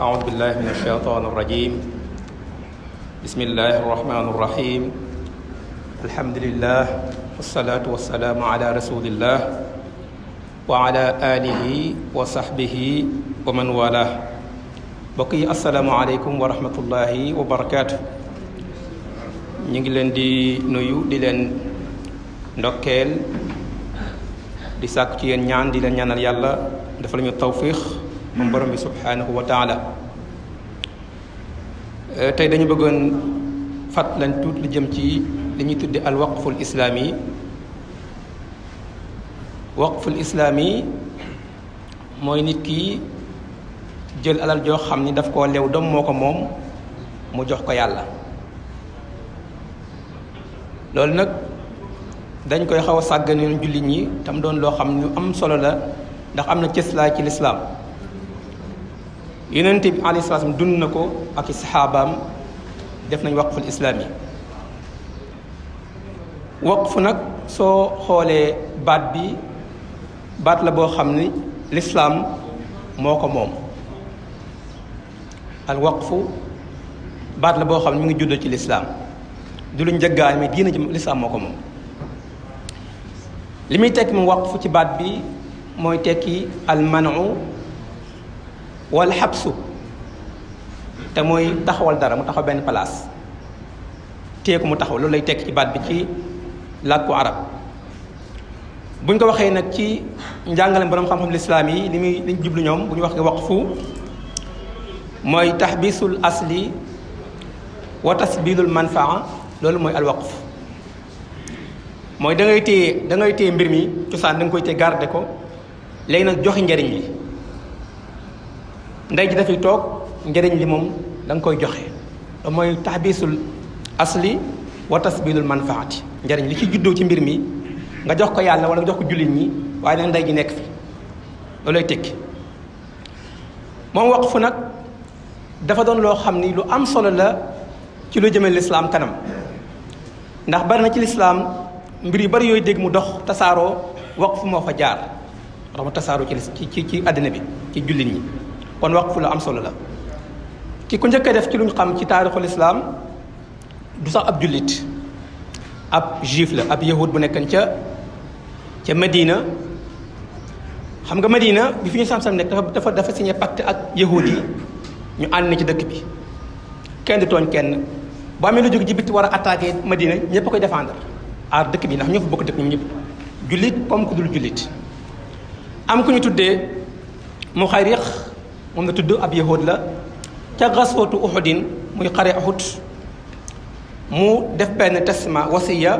أعوذ بالله من الشيطان الرجيم بسم الله الرحمن الرحيم الحمد لله والصلاة والسلام على رسول الله وعلى آله وصحبه ومن والاه bokk yi asalaamaaleykum wa rahmatullahi wa barakaatu ñu ngi leen di nuyu di leen ndokkeel di sàkku ci yéen ñaan di leen ñaanal yàlla dafa la ñu tawfiix moom borom bi subhaanahu wa taala eh, tey dañu bëggoon lañ tuut lu jëm ci li ñuy tudde al waqful islaami yi waqful mooy nit ki jël alal joo xam ni daf ko lew doom moo ko moom mu jox ko yàlla loolu nag dañ koy xaw a sàggane jullit ñi tam doon loo xam ne am solo la ndax am na cëslaay ci lislaam yonent bi alayhi salaam dund na ko ak i def nañ waqful islaam yi waqf nag soo xoolee baat bi baat la boo xam ni lislaam moo ko moom al waqfu baat la boo xam ne mi ngi juddoo ci lislaam du lu njëggaan mais diina ji lislaam moo ko moom li muy tekki mu waqfu ci baat bi mooy tekki al wal xabsu te mooy taxawal dara mu taxaw benn place teeku mu taxaw loolu lay tekk ci baat bi ci làkku arab buñ ko waxee nag ci njàngaleem boroom xam-xam lislaam yi li muy liñ jublu ñoom bu ñu wax waqfu mooy taxbisul asli wa tasbilul manfaa loolu mooy al waqf mooy da ngay téye da téye mbir mi cosaan da koy téye garde ko léegi nag joxe njariñ li ndey ji dafay toog njëriñ li moom da koy joxe da mooy taxbiisul asli wa tasbilul manfaati njëriñ li ci juddoo ci mbir mi nga jox ko yàlla wala jox ko jullit ñi waaye ndey ji nekk fi loolay tekki moom waqfu nag dafa doon loo xam ni lu am solo la ci lu jëmee lislaam kanam ndax bari na ci lislaam mbir yu bari yooyu dégg mu dox tasaaroo waqfu moo fa jaar raxma tasaaroo ci ci ci àddina bi ci jullit ñi kon waqfu la am solo la ki ku njëkk a def ci lu luñ xam ci taarixul islaam du sax ab jullit ab juif la ab yahud bu nekkan ca ca Medina xam nga Medina bi fi ñu sam-sam nekk dafa dafa dafa signé pacte ak yahud yi ñu ànd na ci dëkk bi kenn du tooñ kenn boo amee lu jóg ci war a attaqué Medina ñëpp a koy défendre aar dëkk bi ndax ñoo fa bokk dëkk ñoom ñëpp jullit comme ku dul jullit am ku ñu tuddee mu xay moom la tudd ab yahud la ca gaswatu uxudin muy xare uxud mu def benn testament wasiya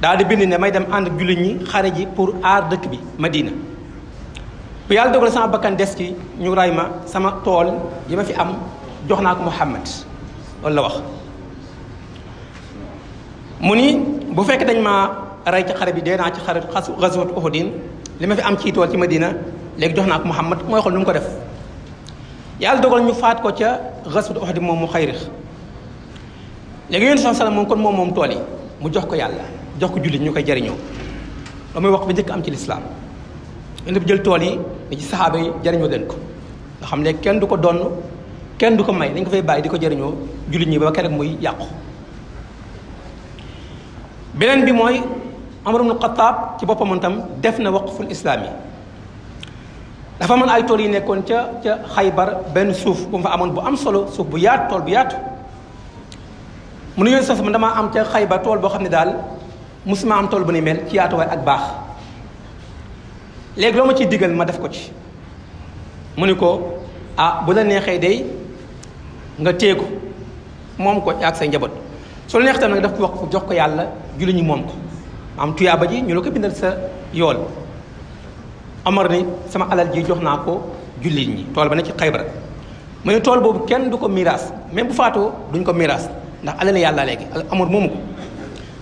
daal di bind ne may dem ànd ak ñi xare ji pour aar dëkk bi Madina bu yàlla dogal sama bakkan des ci ñu ray ma sama tool yi ma fi am jox naa ko Muhammad loolu wax mu ni bu fekk dañ ma rey ci xare bi dee naa ci xare xas xaswat Uhudin li ma fi am ci tool ci Madina léegi jox naa ko Muhammad mooy xool nu mu ko def yàlla dogal ñu faat ko ca rasut wax di moom mu xayrix léegi yéen son salaam moom kon moom moom tool yi mu jox ko yàlla jox ko jullit ñu koy jariñoo loolu mooy wax bi njëkk am ci lislaam yéen bi jël tool yi ni ci saxaaba yi jariñoo leen ko nga xam ne kenn du ko donn kenn du ko may dañ ko fay bàyyi di ko jariñoo jullit ñi ba keroog muy yàqu beneen bi mooy Amar ibn ci boppam tam def na wax waqful islaam yi dafa amoon ay tool yi nekkoon ca ca xaybar benn suuf bu mu fa amoon bu am solo suuf bu yaatu tool bu yaatu mu ne yooyu sa man damaa am ca xaybar tool boo xam ne daal musuma tool bu ni mel ci yaatuwaay ak baax léegi loo ma ciy digal ma def ko ci mu ni ko ah bu la neexee day nga téye ko moom ko ak sa njaboot su la neex tam nag def ko wax jox ko yàlla julli ñu moom ko am tuyaaba ji ñu la ko bindal sa yool Amar ni sama alal ji jox naa ko jullit ñi tool ba ne ci xaybara mu ne tool boobu kenn du ko miraas même bu faatoo duñ ko miraas ndax alal yàlla léegi Amar moomu ko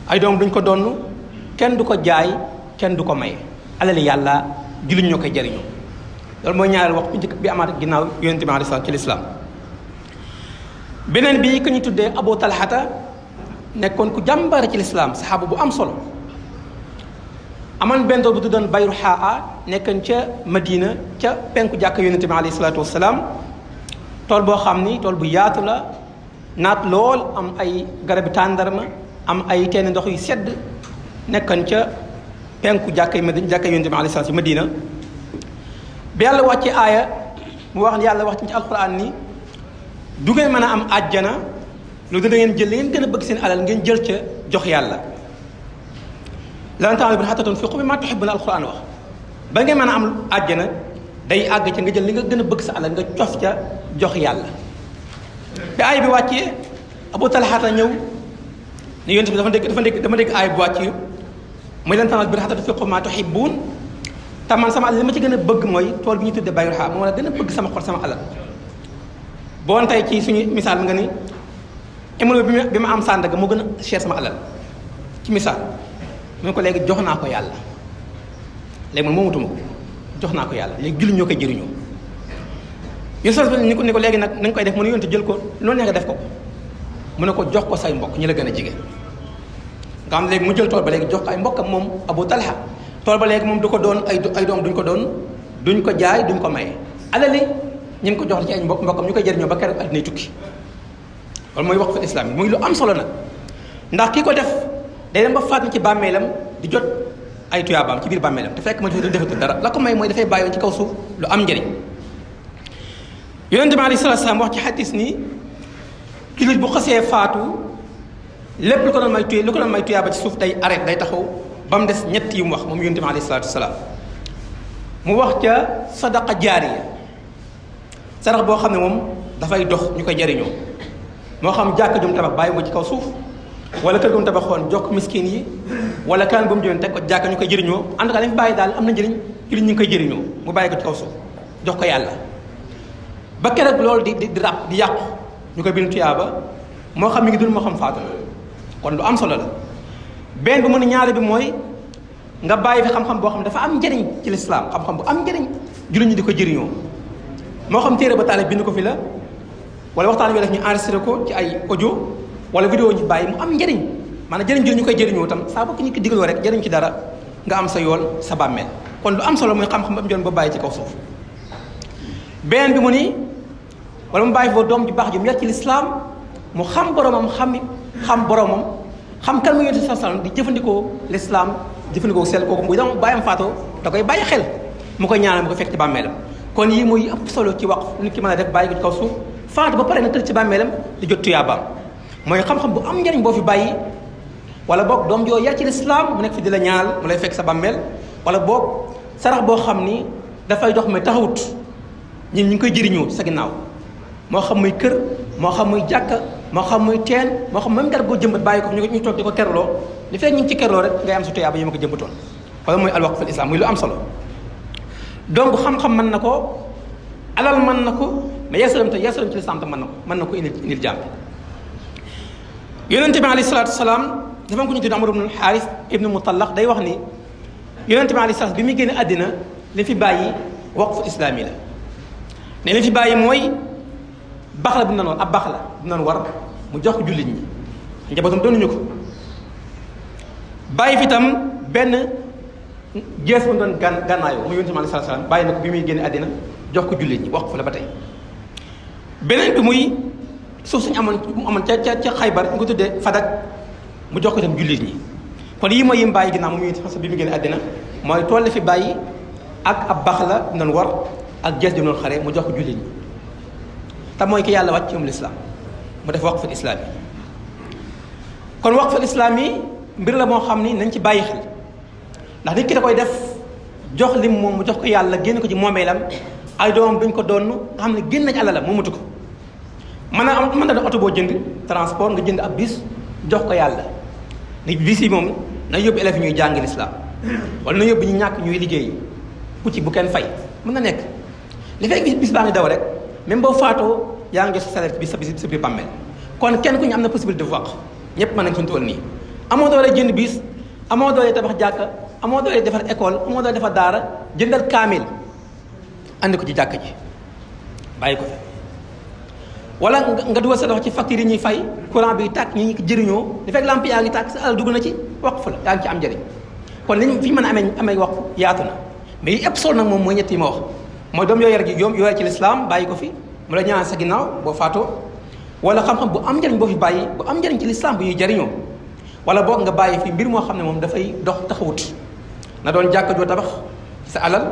ay ko donn kenn du ko jaay kenn du ko maye alal yàlla jullit ñoo koy jariñoo loolu mooy ñaareel wax bu njëkk bi amaat ginnaaw yonente bi alayhi ci lislaam beneen bi ku ñu tuddee Abu Talhata nekkoon ku jàmbaare ci lislaam saxaaba bu am solo aman benn dool bu tuddoon bayru xaa nekkoon ca Madina ca penku jàkk yonente bi alayhi salaatu wasalaam tool boo xam ni tool bu yaatu la naat lool am ay garabi tàndarma am ay teeni ndox yu sedd nekkoon ca penku jàkk Madina jàkk yonente bi alayhi salaatu Madina bi yàlla ci aaya mu wax yàlla wax ci alquran ni du ngeen mën a am àjjana lu da ngeen jël li ngeen gën a bëgg seen alal ngeen jël ca jox yàlla lan taala bi xatta tunfiqu mimmaa tuhibbuuna alxuraan wax ba nga mën a am na day àgg ca nga jël li nga gën a bëgg sa alal nga cof ca jox yàlla bi aay bi wàccee abu talxaata ñëw ni yonent bi dafa dégg dafa dégg dama dégg aay bi wàccee muy lan taala bi xatta tunfiqu mimmaa tuhibbuun te man sama ma ci gën a bëgg mooy tool bi ñu tuddee bayru xaa la gën a bëgg sama xol sama alal boon tey ci suñu misaal nga ni émolo bi ma am sàndaga moo gën a cher sama alal ci misaal mu ne ko léegi jox naa ko yàlla léegi man moomatuma ko jox naa ko yàlla léegi jullit ñoo koy jëriñoo yéen saa ni ko ni léegi nag na koy def mu ne yonte jël ko loolu nee def ko mu ne ko jox ko say mbokk ñi la gën a jege. nga mu jël tool ba léegi jox ko mbokkam moom Abu Talha tool ba léegi moom du ko doon ay ay doom duñ ko doon duñ ko jaay duñ ko maye alali ñu ko jox ci ay mbokk mbokkam ñu koy jëriñoo ba keroog addinay tukki loolu mooy wax ko islam muy lu am solo nag ndax kii ko def day dem ba faatu ci bàmmeelam di jot ay tuyaabaam ci biir bàmmeelam te fekk ma defatul dara la ko may mooy dafay bàyyoon ci kaw suuf lu am njëriñ yonente bi alayhi ci xadis ni jullit bu xasee faatu lépp lu ko doon may ko doon may tuyaaba ci suuf day arrêté day taxaw ba mu des ñett wax moom yonente bi alayhi salaatu salaam mu wax ca jaar yi sarax boo xam ne moom dafay dox ñu koy jariñoo moo xam jàkka jum tabax bàyyi ko ci kaw suuf wala kër gu mu tabaxoon jokk miskin yi wala kanam gu mu jëloon teg ko jàkka ñu koy jëriñoo en bàyyi daal am na njëriñ ci li ñu ngi koy jëriñoo mu bàyyi ko ci kaw jox ko yàlla ba keroog loolu di di ràpp di yàqu ñu koy bind tuyaaba moo xam mi ngi dul moo xam faatu kon lu am solo la benn bi mu ne ñaari bi mooy nga bàyyi fi xam boo xam dafa am njëriñ ci lislaam xam-xam bu am njëriñ jullit di ko jëriñoo moo xam téere ba taale bind ko fi la wala waxtaan wi daf ñu enregistré ko ci ay audio wala vidéo ñu bàyyi mu am njëriñ maanaam jëriñ jëriñ ñu koy jëriñoo itam saa bokk ñu ko digaloo rek jëriñ ci dara nga am sa yool sa bàmmeel kon lu am solo muy xam-xam joon ba bàyyi ci kaw bi mu ni wala mu bàyyi doom ju baax ju mu ci lislaam mu xam boromam xam xam boromam xam kan mu yonent sa salam di jëfandikoo lislaam jëfandikoo sel kooku muy dama bàyyam faatoo da koy bàyyi xel mu koy ñaanal mu ko fekk ci bàmmeelam kon yi mooy ëpp solo ci wax lu ki mën a def bàyyi ko ci kaw suuf faatu ba pare na tëdd ci bàmmeelam di jot tuyaabaam mooy xam-xam bu am njariñ boo fi bàyyi wala boog doom joo yar ci lislaam mu nekk fi di la ñaal mu lay fekk sa bàmmeel wala boog sarax boo xam ni dafay dox mais taxawut ñun ñu ngi koy jëriñoo sa ginnaaw moo xam muy kër moo xam muy jàkka moo xam muy teen moo xam même garab goo jëmbat bàyyi ko ñu ñu toog di ko kerloo li fekk ñu ngi ci kerloo rek ngay am su tuyaaba yi ma ko jëmbatoon wala mooy alwaqf al islam muy lu am solo donc xam-xam mën na ko alal mën na ko mais yeesalam te yeesalam ci lislaam te mën na ko mën na ko indil indil jàmm yonente bi alayhi salaatu salaam dafa am ko ñu day wax ni yonente bi bi muy génn àddina li fi bàyyi waqfu islaami la ne li fi bàyyi mooy baax la bu ñu doon ab baax la bu ñu doon war mu jox ko jullit ñi njabootam doonuñu ko bàyyi fi tam benn jees bu ñu doon gàn gànnaayoo muy yonente bi bàyyi na bi muy génn àddina jox ko jullit ñi waqfu la ba tey beneen bi muy. suuf suñu amoon mu amoon ca ca ca xaybar ñu ko tuddee fadak mu jox ko itam jullit ñi kon yii mooy yim bàyyi ginnaaw moom yonent bi mu génn àddina mooy tool la fi bàyyi ak ab bax la noonu war ak jees xare mu jox ko jullit mooy ki yàlla wàcc ci lislaam mu def waqful islaam yi kon waqful islaam yi mbir la moo xam ni nañ ci bàyyi xel ndax nit ki da koy def jox lim moom mu jox ko yàlla génn ko ci moomeelam ay doomam duñ ko doon xam ne génn nañ àlala moomatu ko mën naa am mën na def oto boo jënd transport nga jënd ab bis jox ko yàlla ni bis yi moom na yóbbu élèves ñuy jàngi lislaam wala na yóbbu ñu ñàkk ñuy liggéey bu ci bu kenn fay mën na nekk li fekk bis baa ngi daw rek même boo faatoo yaa ngi jot sa salaire bi sa sa biir bàmmeel kon kenn ku ñu am na possibilité de wax ñëpp mën nañ suñu tool nii amoo doole jënd bis amoo doole tabax jàkka amoo doole defar école amoo doole defar daara jëndal kaamil andi ko ci jàkka ji bàyyi ko fa wala nga dugal sa loxo ci facture yi ñuy fay courant bi tàkk ñu ngi jëriñoo di fekk lamp yaa ngi tàkk sa àll dugg na ci waqf la yaa ngi ci am njëriñ kon liñ fi ñu mën a amee amee waqf yaatu na mais yi ëpp solo nag moom mooy ñetti yi ma wax mooy doom yoo gi yoom yoo yar ci lislaam bàyyi ko fi mu la ñaan sa ginnaaw boo faatoo wala xam-xam bu am njëriñ boo fi bàyyi bu am njëriñ ci lislaam bu ñuy jëriñoo wala boog nga bàyyi fi mbir moo xam ne moom dafay dox taxawut na doon jàkka joo sa alal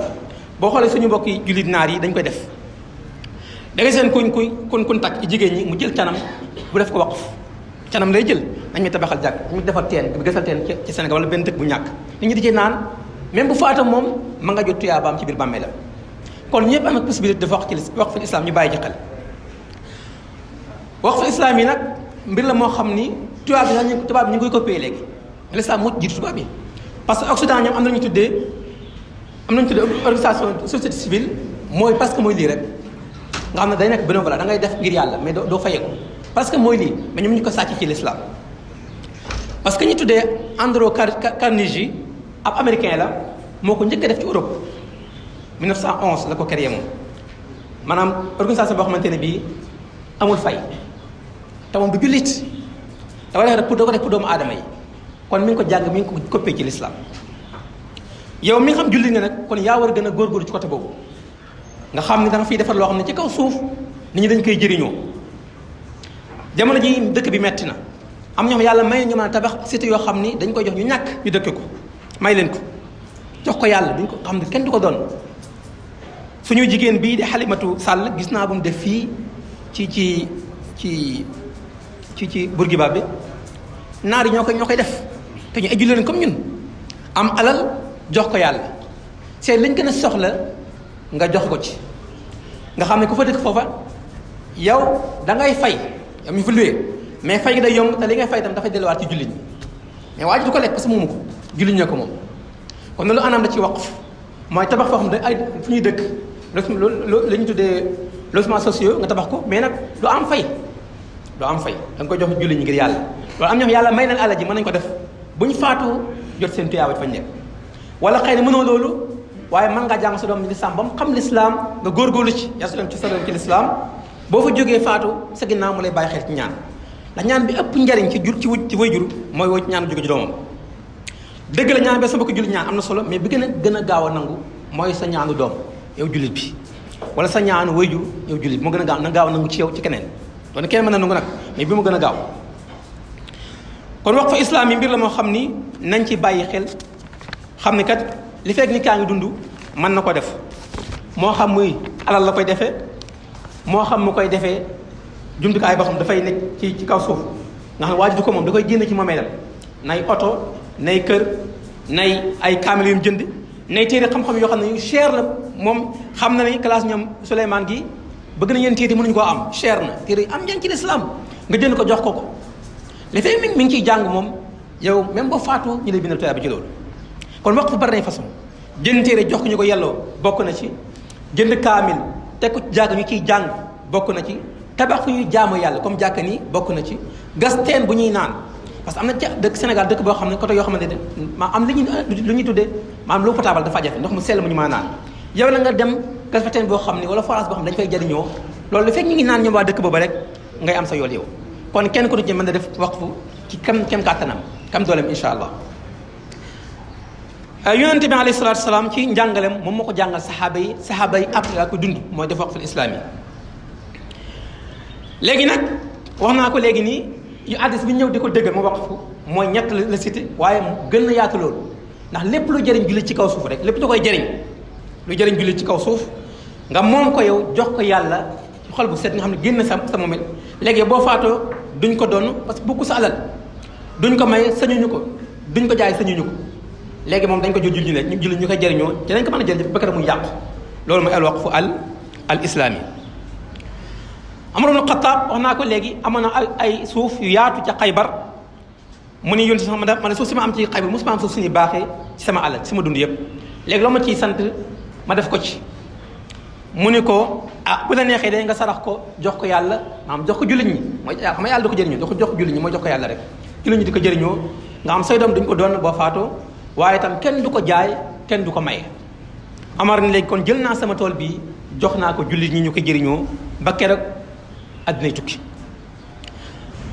boo xoolee suñu mbokki jullit naar yi dañ koy def da ngay seen kuñ kuñ kuñ kuñ takk jigéen ñi mu jël canam bu def ko waqf canam lay jël nañ mi tabaxal jàkk nañ mi defal teen bi gasal teen ci Sénégal wala benn dëkk bu ñàkk nit ñi di ci naan même bu faata moom ma nga jot tuyaabaam ci biir bàmmeelam kon ñëpp am na possibilité dafa wax ci wax fil islam ñu bàyyi ci wax fil islam yi nag mbir la moo xam ni tubaab bi ñu tubaab bi ñu ngi koy copier léegi l'islam moo jiitu tubaab bi parce que Occident ñoom am na ñu tuddee am nañu tuddee organisation société civile mooy parce que mooy lii rek nga xam ne day nekk bénévolat da def ngir yàlla mais doo fayeeku parce que mooy lii mais ñoom ñu ko sàcc ci l'islam parce que ñu tuddee Andrew Carnegie ab américain la moo ko njëkk a def ci Europe 1911 la ko créé moom maanaam organisation boo xamante ne bii amul fay te moom du jullit dafa def rek pour da ko def doomu aadama yi kon mi ngi ko jàng mi ngi ko koppee ci lislaam yow mi nga xam jullit nga nag kon yaa war gën a góorgóorlu ci côté boobu nga xam ne da nga fiy defar loo xam ne ci kaw suuf nit ñi dañ koy jëriñoo jamono ji dëkk bi metti na am ñoom yàlla may ñu a tabax cité yoo xam ni dañ koy jox ñu ñàkk ñu dëkk ko may leen ko jox ko yàlla dañ ko xam ne kenn du ko doon suñu jigéen bii de Xalimatu Sàll gis naa bu mu def fii ci ci ci ci ci Bourguiba bi naar yi ñoo koy ñoo koy def te ñu aju leen comme ñun am alal jox ko yàlla seet lañ gën a soxla nga jox ko ci nga xam ne ku fa dëkk foofa yow da ngay fay yow mi fa luwee mais fay gi day yomb te li ngay fay tam dafay delluwaat ci jullit ñi mais ko lekk parce que moomu ko ko moom kon loolu anam da ci waqf mooy tabax foo xam ay fu ñuy dëkk loolu la ñu tuddee logements sociaux nga tabax ko mais nag du am fay du am fay da nga jox jullit ñi ngir yàlla loolu am ñoo yàlla may nañ àll ji mën nañ ko def bu ñu faatoo jot seen tuyaaba fañ nekk wala xëy na mënoo loolu waaye man nga jàng sa doom ci ba mu xam lislaam nga góorgóorlu ci yar sa doom ci sa doom ci lislaam boo fa jógee faatu sa ginnaaw mu lay bàyyi xel ci ñaan la ñaan bi ëpp njariñ ci jur ci ci way jur mooy woo ci ñaan jóge ci doomam dëgg la ñaan ba sa mbokk jullit ñaan am na solo mais bi gën a gën a gaaw a nangu mooy sa ñaanu doom yow jullit bi wala sa ñaanu way jur yow jullit bi moo gën a gaaw na gaaw nangu ci yow ci keneen doon kenn mën na nangu nag mais bi mu gën a gaaw kon wax fa islaam yi xam ni nañ ci bàyyi xel xam kat li fekk nit kaa ngi dundu mën na ko def moo xam muy alal la koy defee moo xam mu koy defee jumtukaay boo xam dafay nekk ci ci kaw suuf nga xam waaju du ko moom da koy génne ci moomeelam nay oto nay kër nay ay kaamil yu mu jënd nay téere xam-xam yoo xam ne yu cher la moom xam na ni classe ñoom Souleymane gi bëgg nañ leen téere mënuñu koo am cher na téere am njëriñ ci lislaam nga jënd ko jox ko ko li fekk mi ngi ciy jàng moom yow même ba faatu ñu lay bindal toyaa bi ci loolu kon waqf bari nay façon jënd téere jox ko ñu bokk na ci jënd kaamil teg ko ci jàkk ñu jàng bokk na ci tabax fu ñuy jaamu yàlla comme jàkka nii bokk na ci gas teen bu ñuy naan parce que na dëkk Sénégal dëkk boo xam ne côté yoo xamante ne maa am ñu lu ñuy tuddee maa am lu ndox mu sell mu ñu maa yow na nga dem gas fa teen boo xam ne wala forage boo xam ne dañu fay jariñoo loolu lu fekk ñu ngi naan ñoom waa dëkk booba rek ngay am sa yool yow kon kenn ku du ci mën na def waqfu ci kam kem kàttanam kam dooleem incha allah Euh, yonente bi alayhi salaatu salaam ci njàngalem moom moo ko jàngal saxaaba yi saxaaba yi après la ko dund mooy def waqful islaam yi léegi nag wax naa ko léegi nii yu addis bi ñëw di ko ma wax waqfu mooy ñett la cité waaye gën na yaatu loolu ndax lépp lu jëriñ jullit ci kaw suuf rek lépp lu koy jariñ lu jëriñ jullit ci kaw suuf nga moom ko yow jox ko yàlla ci xol bu set nga xam ne génn sa sa moomeel léegi boo faatoo duñ ko donn parce que bokku sa alal duñ ko may sañuñu ko duñ ko jaay sañuñu ko léegi moom dañ ko jël julli ne ñu julli ñu koy jëriñoo ci dañ ko mën a jëriñoo ba muy yàqu loolu mooy al waqfu al al islaami Amar ibn Xattaab wax naa ko léegi amoon na ay suuf yu yaatu ca xaybar mu ni yónni sama ma ne suuf si ma am ci xaybar mosuma am suuf sama àll sama dund yëpp léegi loo ma ciy sant ma def ko ci mu ni ko ah bu la neexee day nga sarax ko jox ko yàlla maanaam jox ko jullit ñi mooy yàlla ah xam nga yàlla da da ko jox ko jullit ñi mooy jox ko yàlla rek jullit ñi di ko jëriñoo nga am say doom duñ ko doon boo faatoo waaye itam kenn du ko jaay kenn du ko maye Amar ni léegi kon jël naa sama tool bi jox naa ko jullit ñi ñu koy jëriñoo ba keroog addinay tukki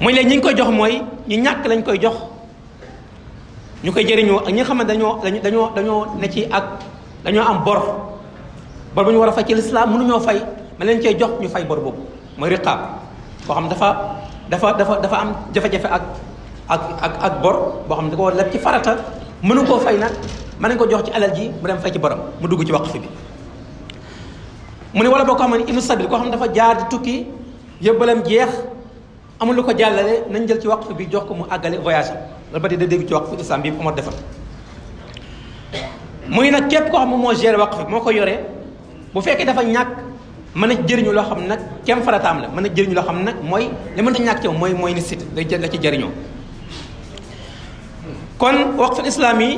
mooy léegi ñi ngi koy jox mooy ñu ñàkk lañ koy jox ñu koy jëriñoo ak ñi nga xam ne dañoo dañoo dañoo ne ci ak dañoo am bor bor bu ñu war a fay ci lislaam mënuñoo fay ma leen cee jox ñu fay bor boobu mooy riqaab koo xam ne dafa dafa dafa dafa am jafe-jafe ak ak ak ak bor boo xam ne da leb ci farata mënu koo fay nag mën nañ ko jox ci alal ji mu dem fay ci borom mu dugg ci waqf bi mu ne wala boo ko xam ne ibnu sabil koo xam ne dafa jaar di tukki yëbbalam jeex amul lu ko jàllale nañ jël ci waqf bi jox ko mu àggale voyage am loolu ba tey da gu ci waqf islam bi Omar defal muy nag képp koo xam ne moo géré waqf bi moo ko yore bu fekkee dafa ñàkk mën a jëriñu loo xam nag kem farataam la mën a jëriñu loo xam nag mooy li mën a ñàkk ci mooy mooy ni sit la ci jëriñoo kon waqful islaam yi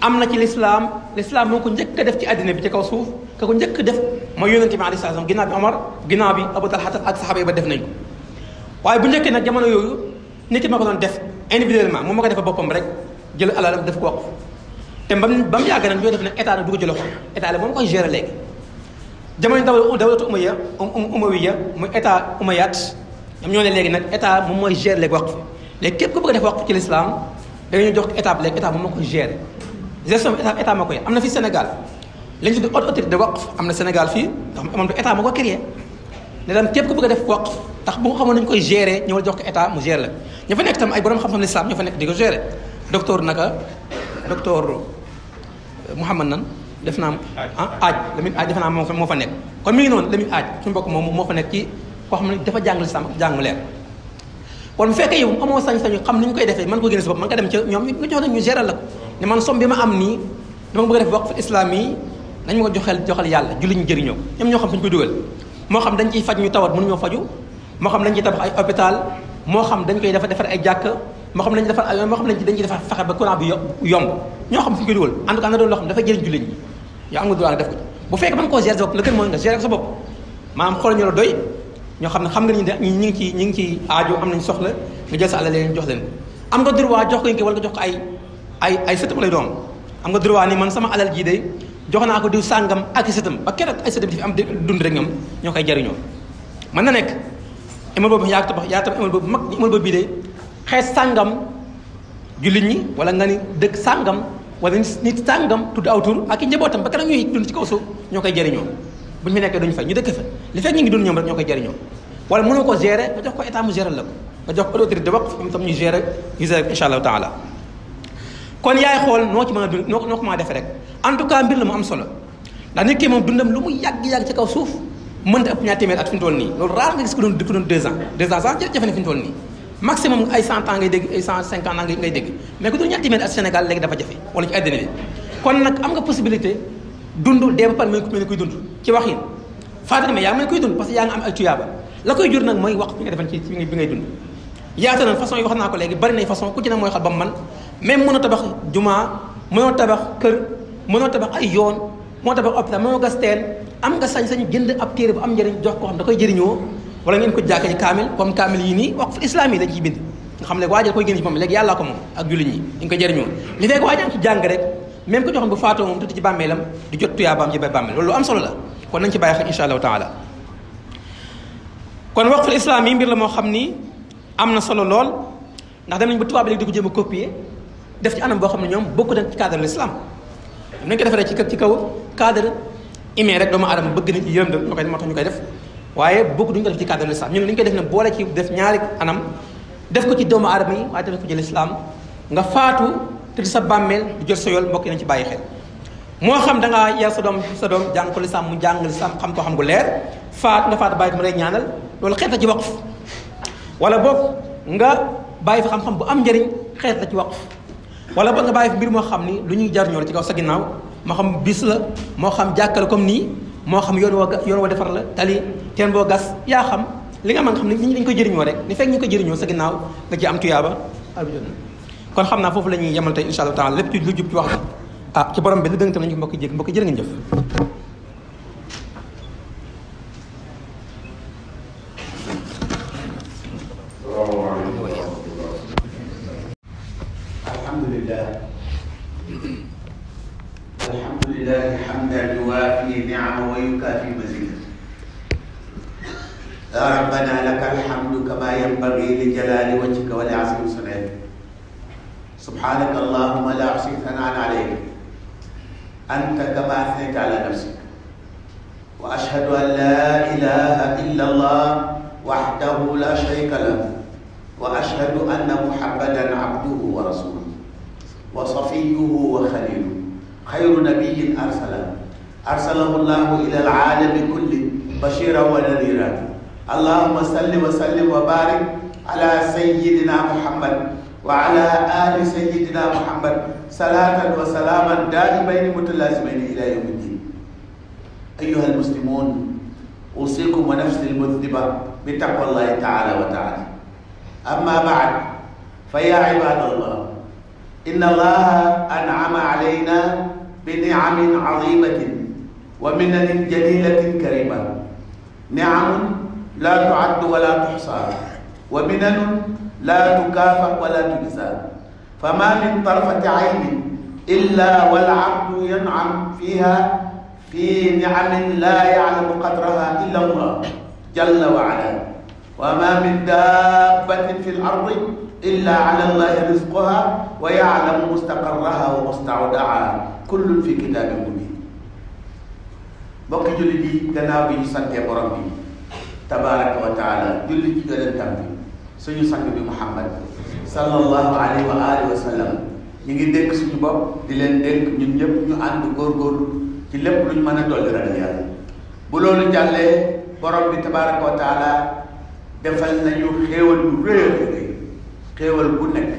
am na ci lislaam lislaam moo ko njëkk def ci àddina bi ci kaw suuf ka ko njëkk def mooy yonente bi alayhi salaam ginnaaw bi Omar ginnaaw bi Abu Talha ak saxaaba yi ba def nañ ko waaye bu njëkkee nag jamono yooyu nit ma ko doon def moom ma ko defee boppam rek jël alalam def ko waqf ba ba mu yàgg nag ñoo def ne état nag du ko jël loxo état la moom koy gérer léegi jamono daw dawlatu umayya um, um, umawiya muy état umayat ñoom ñoo ne léegi nag état moom mooy gérer léegi waqf léegi képp ku bëgg a def waqf ci lislaam dañuy jox état léegi état moom moo ko gérer gestion bi état état moo ko am na fi Sénégal li ñu tuddee haute autorité de waqf am na Sénégal fii ndax moom état moo ko créé ne képp ku def waqf ndax bu ko xamoon koy gérer ñëwal jox ko état mu gérer la ñu fa nekk tam ay borom xam-xam lislaam ñu fa nekk di ko gérer docteur naka docteur Mouhamad nan def naa ah aaj Lamine aaj defe naa moo fa nekk kon mi ngi noonu Lamine mbokk moom moo fa nekk ci koo xam ne dafa jàng lislaam ak jàng mu leer kon fekkee yow amoo sañ-sañu xam ni ñu koy defee mën ko génne si bopp mën nga dem ca ñoom ñu jox am nii yi nañ ma joxel joxal yàlla julli ñu jëriñoo ñoom ñoo xam suñu koy dugal moo xam dañ ciy faj ñu tawat mënuñoo faju moo xam dañ ciy tabax ay hôpital moo xam dañ koy defar defar ay jàkk moo xam dañ defar ay moo xam dañ dañ ciy defar fexe ba courant bi yomb ñoo xam suñu koy dugal en tout dafa jëriñ julli ñi yow am nga droit nga ko bu fekkee mën koo gérer xool ñu la doy ñoo xam ne xam nga ni ñu ngi ci ñu ngi ci aajo am nañ soxla nga jël sa àll leen jox leen am nga droit jox ko ñu wala nga ko ay ay ay sëtam lay doom am nga droit ni man sama alal jii de jox naa ko diw sàngam ak i sëtam ba keroog ay sëtam di fi am dund rek ñoom ñoo koy jariñoo mën na nekk immeuble boobu yaa tabax yaa tabax immeuble boobu mag immeuble boobu bii de xees sàngam jullit ñi wala nga ni dëkk sàngam wala nit sàngam tudd aw tur ak i njabootam ba keroog ñuy dund ci kaw suuf ñoo koy jariñoo buñu fi nekkee duñu fay ñu dëkk fa li fekk ñu ngi dund ñoom rek ñoo koy jëriñoo wala mënoo ko gérer nga jox ko état mu la ko nga jox ko autorité xool noo ci mën a dund noo ko a defee rek en tout cas mbir la mu am solo ndax nit moom dundam lu mu yàgg-yàgg ci kaw suuf mënta ëpp ñaar téeméer at fi ñu nii loolu rare nga gis ko doon ko doon deux ans deux ans sax jafe na fi ñu nii maximum ay cent ans ngay dégg ay cent cinquante ans ngay dégg mais ku doon ñaar téeméer at Sénégal léegi dafa jafe dund dee ba pare mel ni kuy dund ci wax yi faatara mais yaa ngi mel kuy dund parce que yaa ngi am ay tuyaaba la koy jur nag mooy wax bi nga defal ci bi ngay dund yaata na façon yi wax naa ko léegi bari nay façon ku ci ne mooy xam ba man même mënoo tabax jumaa mënoo tabax kër mënoo tabax ay yoon mënoo tabax hôpital mënoo gas teen am nga sañ-sañ jënd ab téere bu am njëriñ jox ko xam da koy jëriñoo wala ngeen ko jàkka ji kaamil comme kaamil yii nii waqf islam yi dañ ciy bind nga xam ne waajal koy génn ci moom léegi yàllaa ko moom ak jullit ñi ñu ngi ko jëriñoo li fekk waajal ci jàng rek même ko joxoon bu faatoo moom tëdd ci bàmmeelam di jot tuyaabaam ji bay bàmmeel loolu lu am solo la kon nañ ci bàyyi xel insha allahu taala kon waqful islam yi mbir la moo xam ni am na solo lool ndax dem nañ ba tubaab bi léegi di ko jéem a copier def ci anam boo xam ne ñoom bokk na ci cadre l'islam am nañ ko defaree ci ci kaw cadre humain rek doomu aadama bëgg nañ ci yërëm dem ñoo koy moo ñu koy def waaye bokk duñu ci cadre l'islam ñu ne li def ne boole ci def ñaari anam def ko ci doomu aadama yi waaye def ko ci l'islam nga faatu tëdd sa bàmmeel di jot sa yool mbokk yi nañ ci bàyyi xel moo xam danga ngaa yar sa doom sa doom jàng ko lislaam mu am ko xam gu leer faat nga faat bàyyi mu lay ñaanal loolu xeet la ci waqf wala boog nga bàyyi fi xam-xam bu am njëriñ xeet la ci waqf wala boog nga bàyyi moo xam ni lu ñuy jarñoo ci kaw sa ginnaaw moo xam bis la moo xam jàkkale comme nii moo xam yoon woo yoon woo defar la tali teen boo gas yaa xam li nga mën xam ne nit ñi dañu ko jëriñoo rek ni fekk ñu ko jëriñoo sa ginnaaw nga ci am tuyaaba kon xam naa foofu la ñuy yemal tey insha allah taala lépp ci lu jub ci wax bi ah ci borom bi lu dëng tam nañu ko mbokki jég mbokki jërë ngeen jëf سبحانك اللهم لا أحصي ثناء عليك أنت كما أثنيت على نفسك وأشهد أن لا إله إلا الله وحده لا شريك له وأشهد أن محمدا عبده ورسوله وصفيه وخليله خير نبي أرسله أرسله الله إلى العالم كله بشيرا ونذيرا اللهم صل وسلم وبارك على سيدنا محمد وعلى آل سيدنا محمد صلاة وسلاما دائمين متلازمين إلى يوم الدين أيها المسلمون أوصيكم ونفسي المذنبة بتقوى الله تعالى وتعالى أما بعد فيا عباد الله إن الله أنعم علينا بنعم عظيمة ومنن جليلة كريمة نعم لا تعد ولا تحصى ومنن laa tukaafa wala tujzaa fa maa min tarfati aynin illa wal abdu yanam fiha fi niamin laa yalamu qadraha illa allah jalla wa ala wa ma min dabbatin fi l ardi illa ala allahi risquha wa yalamu mustaqarraha wa mustawdaaha kullun fi kitaabin mubiin mbokki jullit yi gannaaw bi ñu santee borom bi tabaraka wa taala jullit ci yonentam bi suñu sang bi muhammad sallallahu alayhi wa alihi wa sallam ñu ngi dénk suñu bopp di leen dénk ñun ñëpp ñu ànd góorgóorlu ci lépp lu ñu mën a dolli ragal yàlla bu loolu jàllee borom xéewal yu réy xéewal bu nekk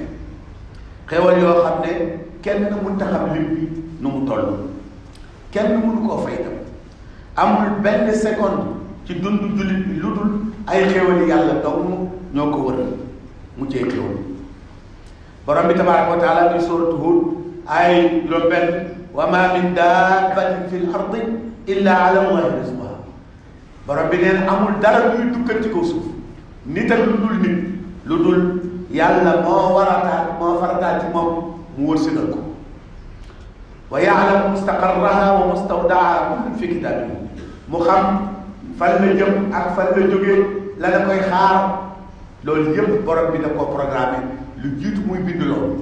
xéewal mënu koo fay tam amul benn ay xéewali yàlla dong ñoo ko mujjee xéwal borom bi tabaaraka wa taala di suuratu Huud ay juróom benn wa maa min daabbatin fil ardi illa ala llaahi rizquhaa borom bi nee na amul dara lu ñuy dukkat ci kaw suuf nit ak lu dul nit lu dul yàlla moo warataal moo farataal ci moom mu wërsëgal ko wa yaalamu mustaqarraha wa mustawdaaha kullun fi kitaabihi mu xam fan la jëm ak fan la jógee la la koy xaar lool yëpp borom bi da ko programmé lu jiitu muy bind loolu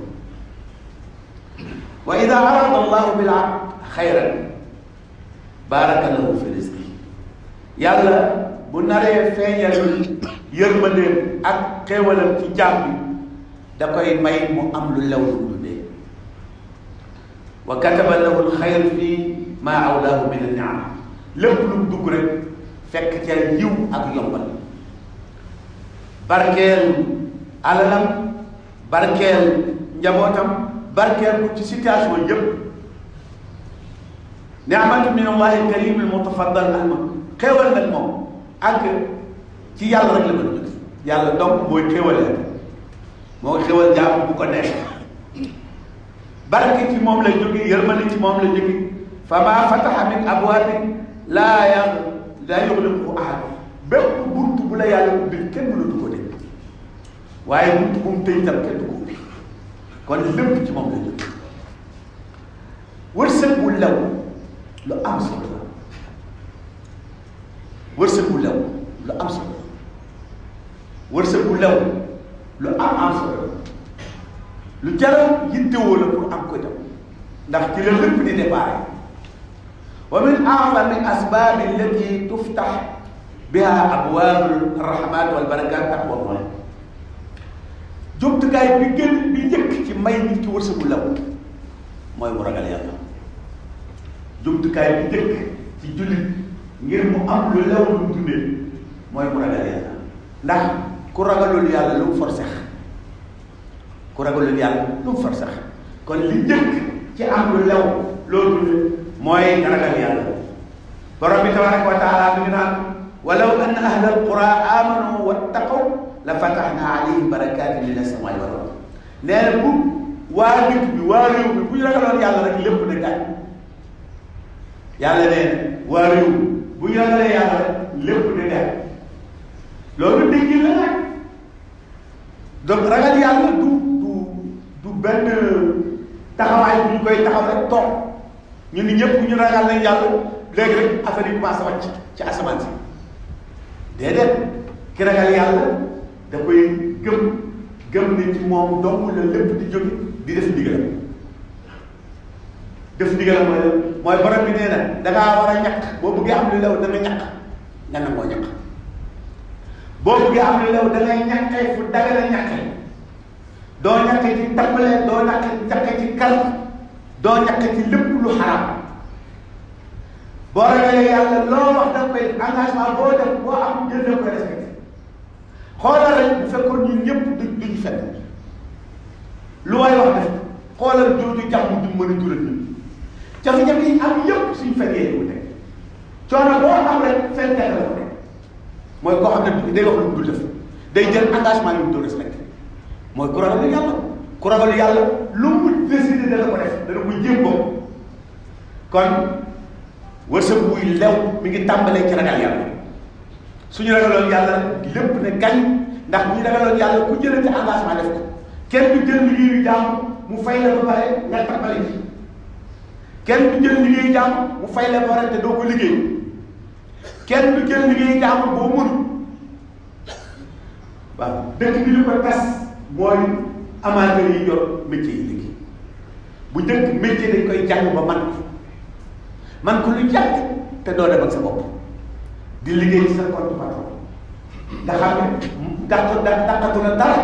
wa ida arada allahu bil abd xayran baraka lahu fi bu naree feeñal yërmandeem ak xéewalam ci jaam bi da koy may mu am lu lew lu dundee wa kataba lahu al fi ma awlaahu min an niam lépp lu dugg fekk ca ak yombal barkeel alalam barkeel njabootam barkeel ko ci situation yëpp ni'matun min allahi karim mutafaddal ahma xéewal nag moom ak ci yàlla rek la mën a yàlla donc mooy xéewalee moo xéewal jaam bu ko neex barke ci moom la jóge yërmande ci moom la jóge fa maa fataha min abwaabi laa yàlla laa yuxliquhu ahad ubbi kenn mënatu ko dégg waaye buntu bu kenn du ko ubbi kon lépp ci moom lu am solo la wërsëg bu law lu am solo la wërsëg law lu am am solo lu jaral yittewoo la pour am ko itam ndax ci la lépp di déparé wa min a'zami asbaabi allati tuftax biha abwaabul rahmaat wal barakaat taqwa mooy jumtukaay bi gën bi ci may nit ki wërsëgu law mooy mu ragal yàlla jumtukaay bi njëkk ci jullit ngir mu am lu law lu dundee mooy mu ragal yàlla ndax ku ragalul yàlla lu mu forsex ku ragalul yàlla lu mu forsex kon li ci am lu law loo dundee mooy nga ragal yàlla borom bi tabaraka wa taala mi ngi naan wala anna ahla alqura wattaqaw la fatahna alayhim barakatin min as-samai wal ard nee na bu waa dëkk bi waa réew bi bu ñu ragaloon yàlla rek lépp na gàtt yàlla nee na waa réew bu ñu ragalee loolu dégg la nag donc ragal yàlla du du du benn taxawaay bu koy taxaw rek toog ñun ñëpp ñu ragal nañ yàlla léegi rek affaire yi commencé wàcc ci asamaan déedéet ki ragal yàlla da koy gëm gëm ne ci moom dong la lépp di jóge di def ndigalam def ndigalam mooy lan mooy borom bi nee na dangaa war a ñàkk boo bëggee am lu lew da nga ñàkk nga nangoo ñàkk boo bëggee am lu lew da ngay ñàkkee fu dagana ñàkkee doo ñàkkee ci tappalee doo ñàkkee ñàkkee ci kal doo ñàkkee ci lépp lu xaraam boo ragalee yàlla loo wax da koy engagement boo def boo am jël da koy respecté xoolal rek bu fekkoon ñun ñëpp duñ duñ fenn lu waay wax def xoolal jooju jàmm du mën a jural ñun jafe-jafe yi am yëpp suñ fekkee wu nekk coono boo am rek fenn texe la ko nekk mooy koo xam ne day wax lu mu dul def day jël engagement yu mu dul respecté mooy ku ragal yàlla ku ragal yàlla lu mu décidé dana ko def dana ko jéem bopp kon wërsëg buy lew mi ngi tàmbalee ci ragal yàlla suñu ragaloon yàlla lépp ne gañ ndax bu ñu ragaloon yàlla ku jëlee ci engagement def ko kenn du jël liggéeyu jàmm mu fay la ba pare ngay tapale kenn du jël liggéeyu jàmm mu fay la ba pare te doo ko liggéey kenn du jël liggéeyu jàmm boo mënu waaw dëkk bi li ko tas mooy amateur yi yor métier yi léegi bu njëkk métier dañ koy jàng ba man man ko lu jàkk te doo dem sa bopp di liggéey ci sa compte patron nga xam ne dàq dàq dàqatu na dara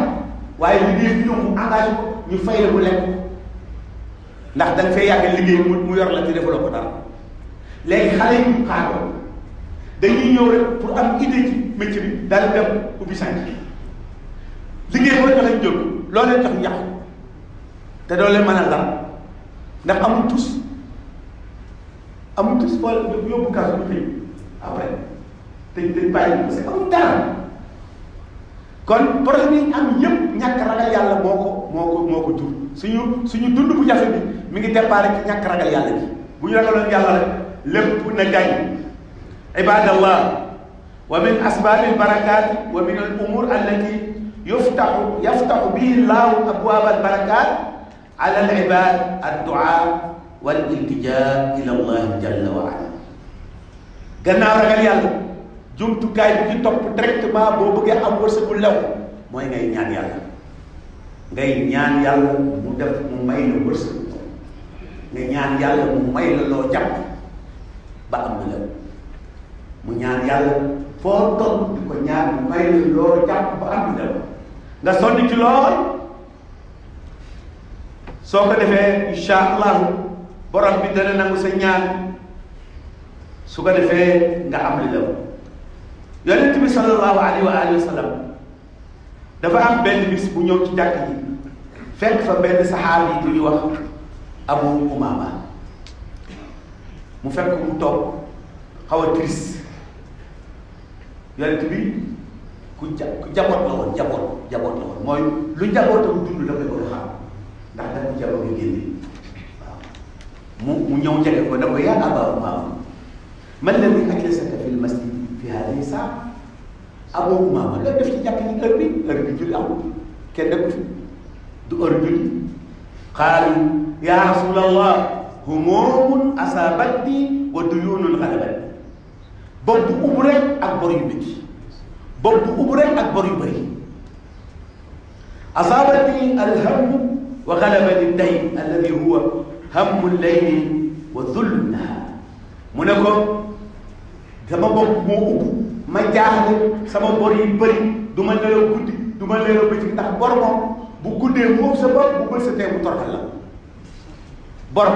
waaye liggéey bi ñoom mu engagé ñu fay la mu lekk ndax da nga fay yàgg liggéey mu mu yor la te defaloo ko dara léegi xale yi ñu xaaroo dañuy ñëw rek pour am idée ci métier dal daal dem ubbi sànq liggéey boo joxe jóg loo leen jox yàqu te doo leen mën a dara ndax amul tus amul ci wala yóbbu gaz bu tëj après tëj tëj bàyyi parce que amul dara kon problème yi am yépp ñàkk ragal yàlla moo ko moo ko moo ko jur suñu bu jafe bi mi ngi déparé ci ñàkk ragal yàlla bi bu ñu ragaloon yàlla rek lépp na gañ ibadallah wa min asbabil barakat wa min al umur allati yuftaxu yaftaxu bihi llahu abwaaba al barakat ala al ibad ad duaa wal iltijaa ila allahi jalla wa ala gannaaw ragal yàlla jumtukaay bi ci topp directement boo bëggee am wërsëg bu lew mooy ngay ñaan yàlla ngay ñaan yàlla mu def mu may la wërsëg nga ñaan yàlla mu may la loo jàpp ba am na lew mu ñaan yàlla foo toll di mu may la loo jàpp ba am na lew nga sonn ci lool soo ko defee incha borom bi dana nangu sa ñaan su ko defee nga am li la yonent bi sallallahu alayhi wa alihi wa sallam dafa am benn bis bu ñëw ci jàkk ji fekk fa benn saxaaba yi bu ñuy wax Abu Umaama mu fekk mu toog xaw a triste yonent bi ku ja ku jaboot la woon jaboot la woon mooy lu jabootam dund la koy ko xam ndax dafa jaboot yu génne mu mu ñëw jege ko ne ko yaa Abaa Umaama man la ni ajlasaka fil masjid fi haadihi saa Abaa Umaama loolu def ci jàkk yi heure bi heure bi julli amul kenn nekku fi du heure julli qaalu yaa rasulallah humoomun asaabatni wa duyuunun ghalabatni bopp bu ubbu rek ak bor yu métti bopp bu ubbu rek ak bor yu bëri asaabatni alhammu wa ghalabani dayn alladi huwa hammu layli wa dhullu nahar mu ne ko sama bopp moo ubbu ma jaaxle sama bor yi bëri du ma nelaw guddi du ma nelaw bëccëg ndax bor moom bu guddee mu ëpp sa bopp bu bët sa tee mu torxal la bor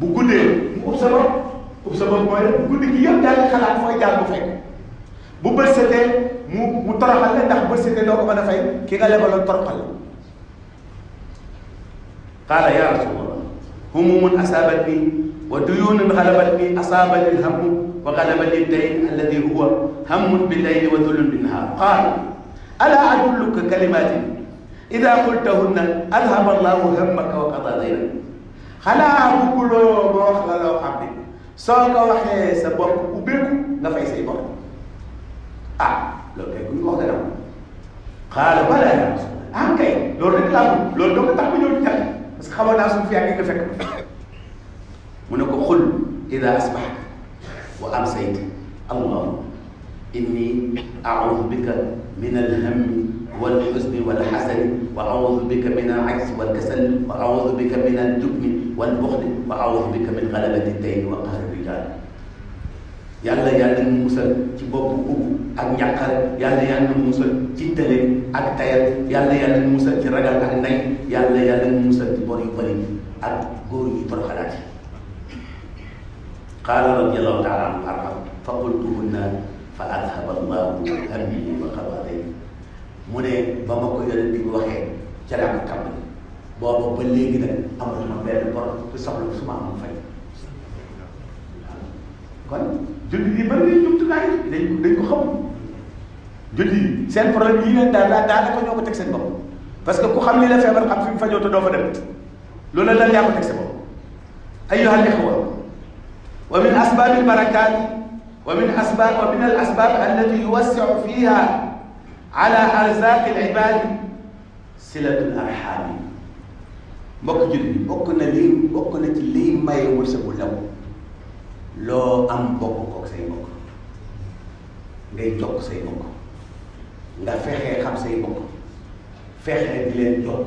bu guddee mu ëpp sa bopp ëpp sa bopp mooy bu guddi gi yëpp daal xalaat fooy jaar bu fekk bu bët sa tee mu mu toroxal la ndax bët sa tee doo ko mën a fay ki nga lebaloon toroxal la qaala yaa rasulallah هموم أصابتني وديون غلبتني أصابني الهم وغلبني الدين الذي هو هم بالليل وذل بالنهار قال ألا أدلك كلمات إذا قلتهن أذهب الله همك وقضى دينك xanaa bu ko loo ba wax la loo xam ne soo ko waxee sa bopp ubbeeku nga fay say bopp ah loolu kay ku ñu wax dana xaaral balaa yaa ah kay loolu rek laa loolu doo ko tax ba ñëw di jàpp parce que xamoon naa suñu fi yaa ngi nga fekk mu ne ko xul ida asbaxta wa amsayta allahuma inni audu bika min alhammi walxusni walxasani wa audu bika min alajzi walkasali wa audu bika min aljubni walbuxli wa audu bika min galabati dayni wa qahri rijaal yàlla yàlla ñu musal ci bopp ubbu ak njàqare yàlla yàlla ñu musal ci tële ak tayal yàlla yàlla ñu musal ci ragal ak nay yàlla yàlla ñu musal ci bor yu bëri ak góor yu toroxalaat yi qaala radiallahu taala anhu arham fa qultuhunna fa adhaba allahu hammi wa xabaatay mu ne ba ma ko yonent bi waxee ca laa ma tàmbali booba ba léegi nag amatuma benn bor te soxla su ma amul fay kon jullit yi bëri nañ jumtukaay dañ dañ ko xam jullit yi seen problème yi leen daal daanaka ñoo ko teg seen bopp parce que ku xam li la feebar xam fi mu fajoo te doo fa dem loolu la yaa ko teg sa bopp ayyuha al ixwa wa min asbaab al barakaat wa min asbaab al asbaab allati yuwassiu fiha ala arzaaq al ibaad silatul arham mbokk jullit bokk na lii bokk na ci lii maye wërsëgu law loo am bokk kook say bokk ngay jokk say bokk nga fexee xam say bokk fexee di leen jokk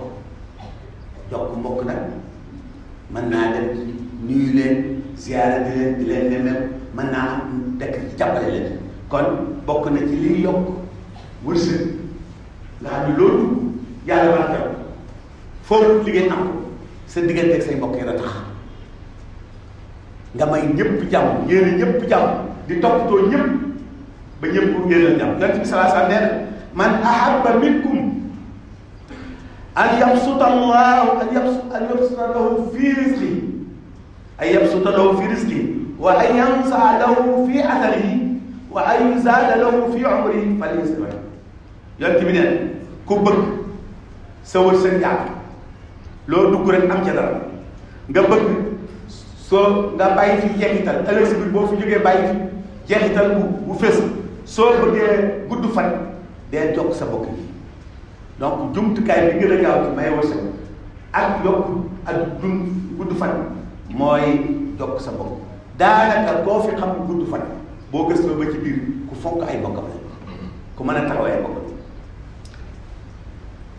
jokk mbokk nag mën naa dem nuyu leen ziyaara di leen di leen nemmeeku mën naa dekk jàppale leen kon bokk na ci lok yokk wërsëg nga xam ne loolu yàlla war a foofu liggéey am ko sa diggante ak say nga may ñëpp jàmm yéene ñëpp jàmm di toppatoo ñëpp ba ñëpp yéenal jàmm yonent bi sallallahu alayhi wa sallam nee na man ahabba minkum an yabsuta allahu an yabsuta lahu fi rizqi an yabsuta lahu fi rizqi wa an yansa lahu fi atharihi wa an yuzaada lahu fi umrihi falyastabir yonent bi nee na ku bëgg sa wërsëg yàq loo dugg rek am ca dara nga bëgg soo nga bàyyi fi jeexital ëllëg si biir boo fi jógee bàyyi fi jeexital bu bu fës soo bëggee gudd fan dee jokk sa bokk yi donc jumtukaay bi gën a gaaw ci may wërsëg ak yokk ak gudd fan mooy jokk sa bokk daanaka koo fi gudd fan boo gëstoo ba ci biir ku fonk ay bokkam ku mën a taxaw ay bokkam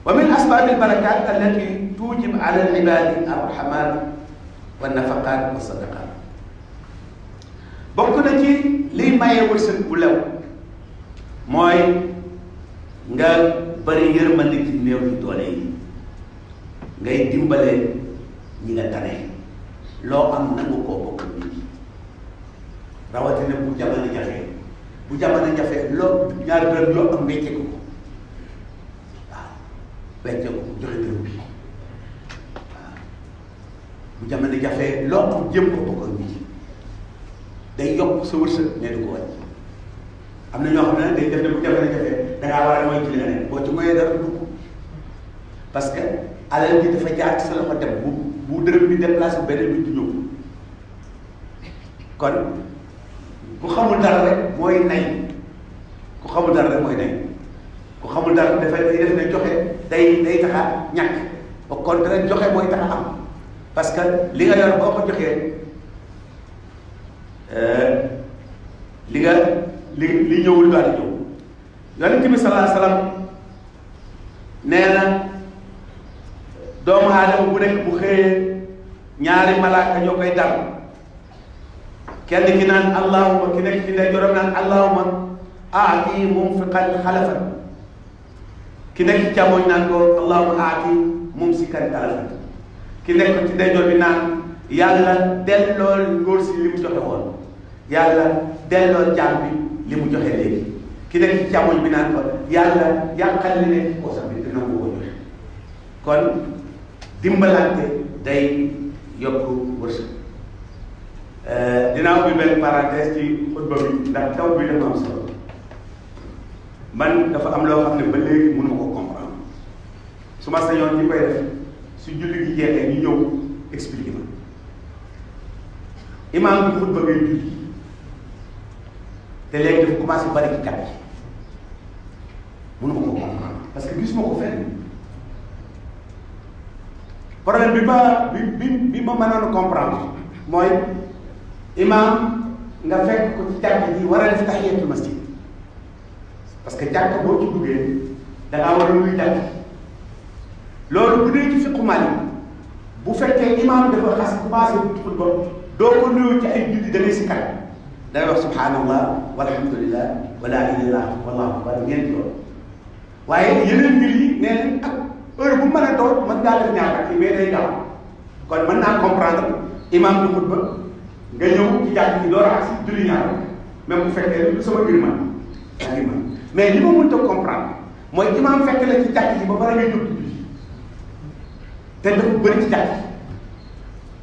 wa min asbaabil barakaat allati tujib ala al ibaadi arrahmaan wa nafaqaat wa sadaqaat bokk na ci liy maye wërsëg bu lew mooy nga bari yërmande ci néew ci doole yi ngay dimbale ñi nga tane loo am nangu koo bokk nit ñi rawatina bu jamono jafee bu jamono jafee loo ñaari dërëm loo am wecceeku ko waaw wecceeku joxe dërëm bi bu jamono jafee loo am jéem ko bokk ak nit yi day yokk sa wërsëg mais du ko wàññi am na ñoo xam ne nag day def ne bu jamono jafee da war a mooy ci li ne boo ci moyee dara dugg parce que alal bi dafa jaar ci sa loxo dem bu bu dërëm bi déplacé bu beneen bi du ñëw kon ku xamul dara rek mooy nay ku xamul dara rek mooy nay ku xamul dara dafay day def ne joxe day day tax a ñàkk au contraire joxe mooy tax am. parce que li nga yor boo ko joxee euh, li nga li li ñëwul daal di ñëw yonent bi sallallahu alayhi wasallam nee na doomu bu nekk bu xëyee ñaari malaaka ñoo koy dal kenn ki allahuma ki nekk ci ndeyjooram naan allahuma aati mumfiqan xalafan ki nekk ci càmmoñ naan ko allahuma aati mumsikan xalafan ki nekk ci dendoor bi naan yàlla dellool ngóor si li mu joxe woon yàlla dellool jaam bi li mu joxe léegi ki nekk bi naan ko yàlla yàqal li nekk ci poosam bi dina ko ko joxe kon dimbalante day yokk wërsëg euh, dinaa ubbi benn parenthèse ci xutba bi ndax taw bi dafa am solo man dafa am loo xam ne ba léegi mënu ma ko comprendre su ma sañoon ñi koy su julli gi jeexee ñu ñëw expliqué ma imaam bi xutba ngay julli te léegi dafa commencé bari ci kat yi mënuma ko comprendre parce que gisuma ko fenn problème bi ma bi bi bi ma mënoon comprendre mooy imaam nga fekk ko ci jàkk ji war a def parce que jàkk boo ci duggee da ngaa war a loolu bu dee ci fiqu bu fekkee imaam dafa xas commencé xutba doo ko nuyu ci ay julli da si kàddu day wax subhaanallah walhamdulillah wala ilaha illallah wallahu akbar ñeenti loolu waaye yeneen mbir yi nee nañ ak bu mën a doon mën ngaa def ñaar ak mais day gaaw kon mën naa comprendre imaam bi xutba nga ñëw ci jàpp ci door a si julli ñaar même bu fekkee lu sama ngir man daa ngir man mais li ma mënta comprendre mooy imaam fekk la ci jàpp ci ba pare ngay jóg te dafa bëri ci jàkk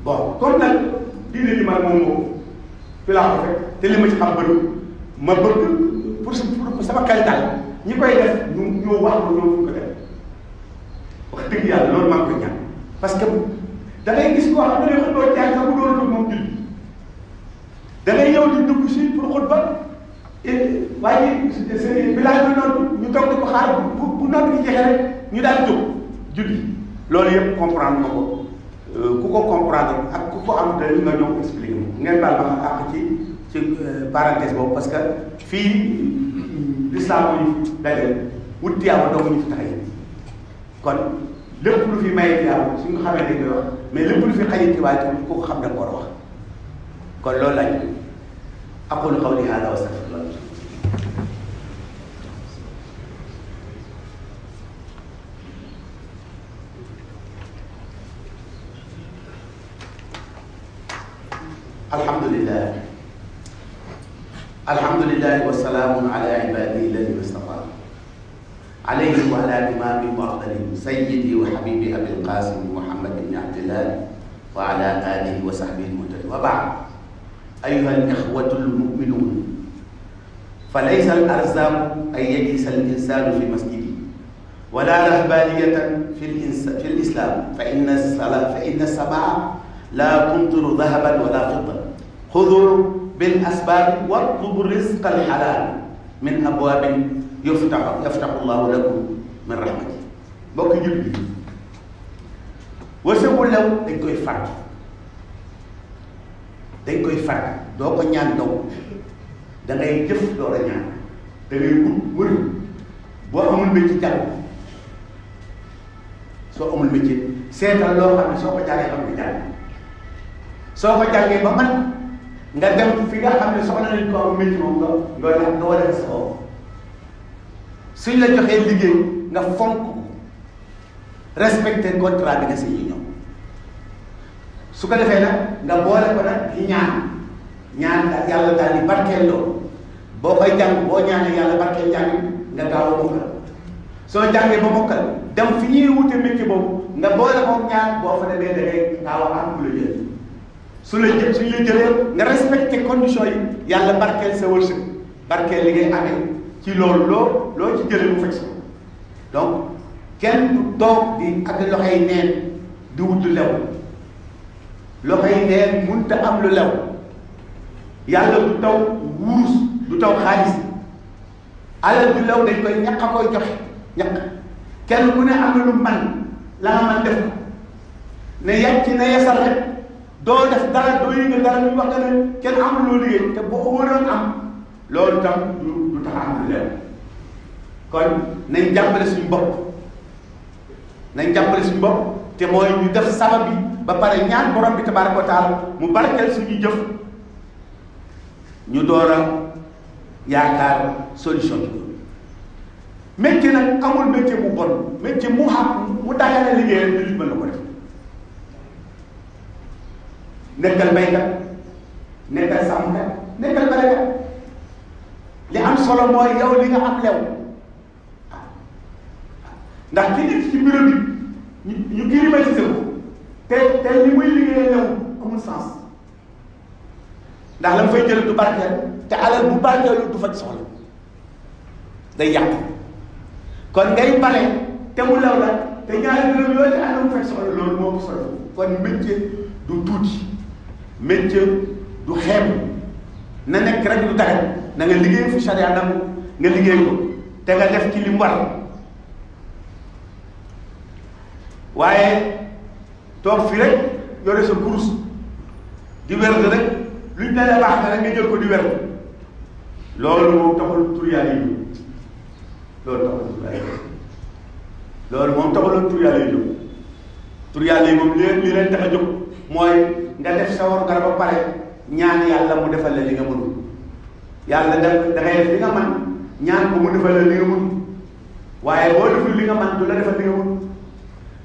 bon kon nag diine ji man moom moom fi laa ko fekk te ma ci xam bëri ma bëgg pour pour sama qualité ñi koy def wax ko ñoom ñu ko def wax yàlla loolu maa ngi koy ñaan parce que da ngay gis koo xam ne dañoo xëddoo jaay sax bu doon dugg moom julli da ngay ñëw di dugg si ba xutba waaye seen village bi noonu ñu toog di ko xaar bu bu noonu di jeexee rek ñu daal jóg loolu yëpp comprendre nga ko euh, ku ko comprendre ak ku ko am te nga ñëw expliqué ngeen baal ma xam ci ci euh, parenthèse parce que fii l'islam bu ñu dajale wut tiyaaba dong ñu fi tax kon lépp lu fi maye tiyaaba suñu xamee dañ wax mais lépp lu fi xaye ci ku ko xam da nga ko war a wax kon loolu lañ aqulu qawli hada wa astaghfirullah bismillah alhamdulillahi wa salaamun ala ibadihi alladina stafa alayhi wa ala imami wa afdali sayyidi wa habibi abil qasim muhammad ibni abdillah wa ala alihi wa sahbihi almutali wa baad ayuha alikhwatu almuminun فليس الأرزاق أن يجلس الإنسان في مسجده ولا رهبانية في الإنس في الإسلام فإن الصلاة فإن السماء لا تمطر ذهبا ولا فضة xudu bil asbaab watlubu risqa al xalaal min abwaabin yuftaxu yaftaxu llaahu lakum min rahmati mbokk jul bi wërsëgu lew dañ koy fàgg dañ koy fàgg doo ko ñaan daw da ngay jëf door a ñaan da ngay wut wër boo amul métier soo amul métier seetal loo xam soo ko jàngee xam nga jàng soo ko jàngee ba man nga dem fi nga xam ne soxla nañ ko am métier nga nga nga war a sa bopp suñ la joxee liggéey nga fonk respecté contrat bi nga sa yi su ko defee nag nga boole ko nag di ñaan ñaan ak yàlla daal di barkeel loolu boo koy jàng boo ñaanee yàlla barkeel jàng nga gaaw a mokkal soo jàngee ba mokkal dem fi ñuy wute métier boobu nga boole ko ñaan boo fa demee da ngay gaaw a am lu jël su la jë suñu la jëlee nga respecté condition yi yàlla barkeel sa wërsëg barkeel li ngay ame ci loolu loo loo ci jëlee mu fekk si donc kenn du toog di ak loxoy neen di wut lu lew loxoy neen mënut a am lu lew yàlla du taw wurus du taw xaalis alal du lew dañ koy ñaq koy joxe ñaq kenn ku ne am na lu man la nga man def ko ne yàcc na yasal rek doo def dara doo yëngal dara ñu wax ne kenn amul loo liggéey te boo waroon am loolu tam du du tax amul leer kon nañ jàppale suñu bopp nañ jàppale suñu bopp te mooy ñu def sabab bi ba pare ñaan borom bi tabaaraka wa taala mu barkeel suñu jëf ñu door a yaakaar solution bi métier nag amul métier bu bon métier mu xam mu dagane liggéeyam jullit mën na ko def nekkal baykat nekkal sàmmkat nekkal barakat li am solo mooy yow li nga am lew ndax ki nit ci bureau bi ñu ñu climatiser ko te te li muy liggéeyee lew amul sens ndax la mu fay jël du barkeel te alal bu barkeelu du faj soxla day yàq kon ngay bale te mu lew la te ñaari dërëm yooyu te alal mu faj soxla loolu moo ko solo kon métier du tuuti. métier du xeeb na nekk rek na nga liggéey fu charia nangu nga liggéey ko te nga def ci li mu war toog fi yore sa kurus di werd rek na rek nga jël ko di werd loolu moom taxul tur yàlla yi loolu taxul tur yàlla yi loolu moom taxuloon tur yàlla yi jóg tur yàlla yi moom li leen li tax a mooy nga def sa waru garab ba ñaan yàlla mu defal la li nga mënul yàlla da da ngay def li nga man ñaan ko mu defal la li nga mënul waaye boo deful li nga man du la defal li nga mënul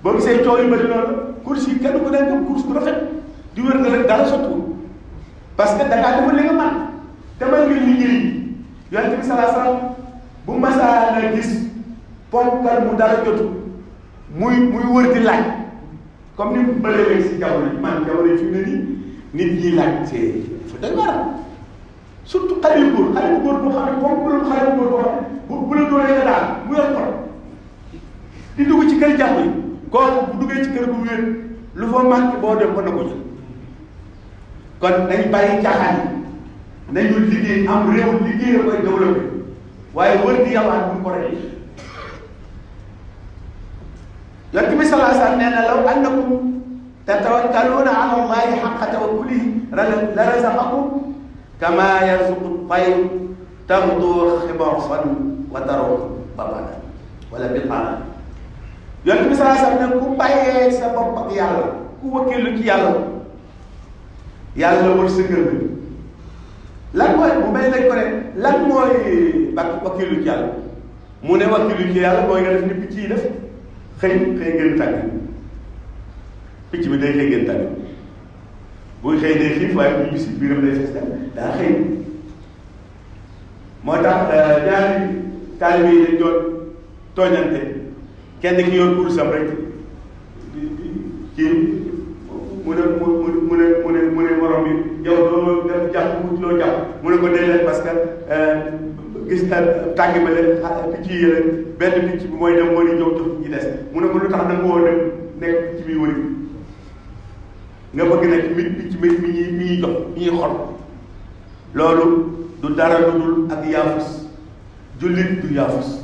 boo gisee coow yu bëri loolu course yi kenn ku nekk comme course nga rek dara sottiwul parce que da ngaa deful li nga man demal ngir ñu njëriñ yonent bi salaa salaam bu masaa nga gis ponkal mu dara jotu muy comme ni mu bëlee léegi si jamono ji man jamono ji fi mu ne nii nit ñi laaj see dafa doy waar surtout xale yu góor xale yu góor boo xam ne comme bu doon xale yu góor boo xam ne bu bu la doolee daal mu yor xol di dugg ci kër jàpp yi kooku bu duggee ci kër bu wéet lu fa manqué boo dem ba na ko jël kon dañ bàyyi caaxaan yi nañu liggéey am réew liggéey la koy développé waaye wër di yàlla bu mu ko rey yonent bi sallallahu alayhi wa na law annakum tatawakkaluuna ala allahi xaqa tawakkulihi la razaqakum kama yarzuqu tayr tamdu xibasan a taraw babana wala biqaana yonent bi sallallahu alayhi wa sallam ne ku bàyyee sa bopp ak yàlla ku wëkkilu ci yàlla yàlla wërsëgal lan mooy bu mel nañ ko rek lan mooy bakk wakkilu ci yàlla mu ne wakkilu ci yàlla mooy nga def ni picc yi def xëy xëy gën tàgg picc bi day xëy gën tàgg buy xëy day xiif waaye bu ñu si biiram day fees daa xëy moo tax euh, ñaari taalibe yi dañ doon tooñante kenn ki yor kursam rek kii mu ne mu ne mu ne mu ne mu ne morom bi yow doo dem jàpp wut ko dee leen parce que euh, gis na ma leen ah, picc yi benn picc mooy dem wëri ñëw jox mu ne ko lu tax da nga woo dem nekk picc bi wëri nga bëgg nag mi picc mi mi ñuy jox mi ñuy xol loolu du dara lu dul ak yaafus jullit du yaafus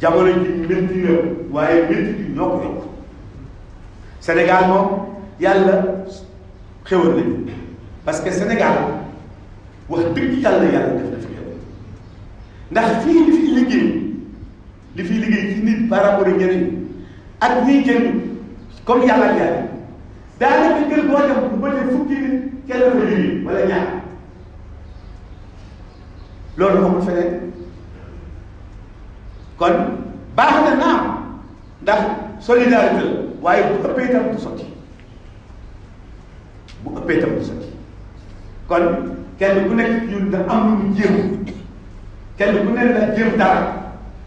jamono ji métti na waaye métti bi ñoo ko Sénégal moom yàlla xéwal nañu parce que Sénégal wax dëgg yàlla yàlla def dafa xéwal ndax fii li fiy liggéey li fiy liggéey ci nit par rapport ak ñeneen ak ñiy jël comme yàlla ak yàlla daanaka kër boo dem bu bëri fukki nit kenn wala ñaar loolu amul feneen kon baax na ndax solidarité la waaye bu ëppee itam du sotti. bu ëppee tam du sotti kon kenn ku nekk ñun da am lu mu jéem kenn ku nekk la jéem dara